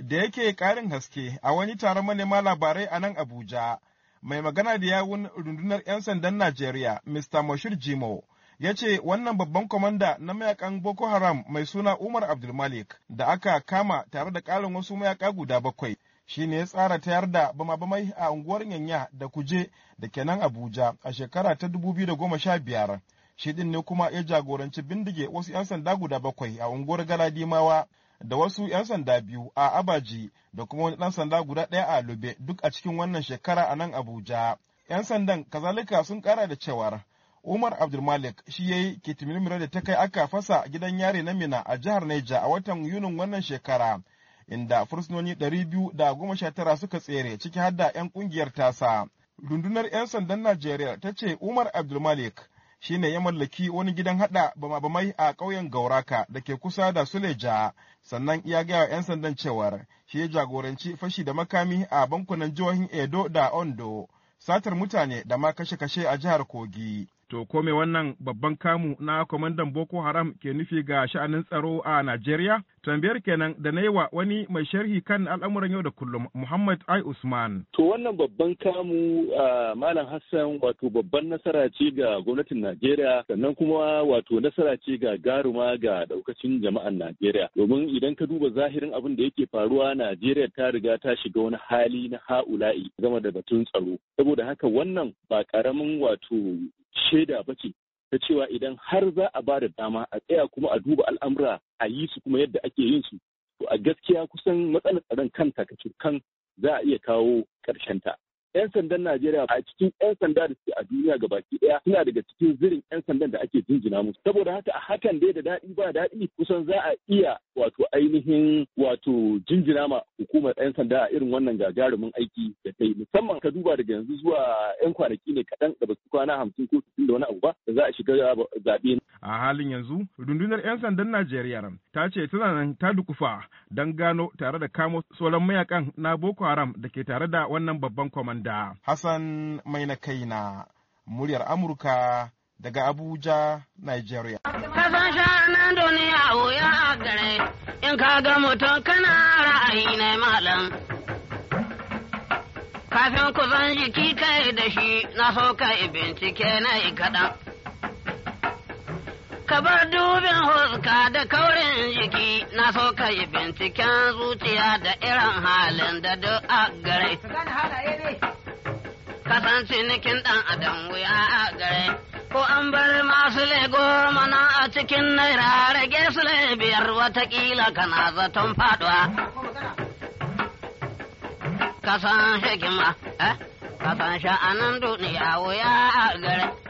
da yake ƙarin haske a wani taron manema labarai a nan Abuja. Mai magana da yawun rundunar 'yan sandan Najeriya, Mr. Moshir Jimo, ya ce wannan babban kwamanda na mayakan Boko Haram mai suna Umar Abdulmalik da aka kama tare da ƙarin wasu mayaka guda bakwai. Shi ne ya tsara tayar da bama-bamai a unguwar Yanya da Kuje da kenan Abuja a shekara ta 2015. Shi ɗin ne kuma ya jagoranci bindige wasu 'yan sanda guda bakwai a unguwar Galadimawa da wasu 'yan sanda biyu a Abaji da kuma wani ɗan sanda guda ɗaya a Lube duk a cikin wannan shekara a nan Abuja. 'Yan sandan kazalika sun ƙara da cewar Umar Abdulmalik shi ya yi kitimilmira da ta kai aka fasa gidan yare na Mina a jihar Neja a watan Yunin wannan shekara, inda fursunoni ɗari biyu da goma sha tara suka tsere ciki har da 'yan ƙungiyar tasa. Rundunar 'yan sandan Najeriya ta ce Umar Abdulmalik shine ya mallaki wani gidan hada bama-bamai a ƙauyen Gauraka da ke kusa da Suleja, sannan ya gaya wa 'yan sandan cewar shi ya jagoranci fashi da makami a bankunan jihohin Edo da Ondo, satar mutane da ma kashe-kashe a jihar Kogi. To kome wannan babban kamu na kwamandan Boko Haram ke nufi ga sha'anin tsaro a Najeriya? Tambayar kenan da na yi wa wani mai sharhi kan al'amuran yau da kullum Muhammad I. Usman. To wannan babban kamu a Malam Hassan wato babban nasara ce ga gwamnatin Najeriya sannan kuma wato nasara ce ga garuma ga daukacin jama'an Najeriya. Domin idan ka duba zahirin abin da yake faruwa Najeriya ta riga ta shiga wani hali na ha'ula'i game da batun tsaro. Saboda haka wannan ba karamin wato shaida ba ce ta cewa idan har za a ba da dama a tsaya kuma a duba al'amura a yi su kuma yadda ake yin su to a gaskiya kusan matsalar tsaron kan ka kan za a iya kawo ta. 'Yan sandan Najeriya a cikin 'yan sanda da suke a duniya ga baki ɗaya suna daga cikin zirin 'yan sandan da ake jinjina musu. Saboda haka a hakan dai da daɗi ba daɗi kusan za a iya wato ainihin wato jinjina ma hukumar 'yan sanda a irin wannan gagarumin aiki da ta yi musamman ka duba daga yanzu zuwa 'yan kwanaki ne kaɗan da ba kwana hamsin ko sittin da wani abu ba da za a shiga zaɓe. A halin yanzu rundunar 'yan sandan Najeriya ta ce tana nan ta dukufa don gano tare da kamo sauran mayakan na Boko Haram da ke tare da wannan babban kwamanda. Hassan mai na kaina muryar Amurka daga Abuja, Nigeria. Kasan sha'anin duniya wuya a gare, in ka ga mutum kana ra'ayi na Kafin ku san jiki kai da shi, na so ka bincike na kaɗan. Ka bar dubin huska da kaurin jiki, na so ka yi binciken zuciya da irin halin da duk a gare. Kasan cinikin ɗan adam wuya a cikin naira rage su biyar watakila kana zaton faduwa. Kasan hikima, eh? Kasan sha'anin duniya wuya a gare.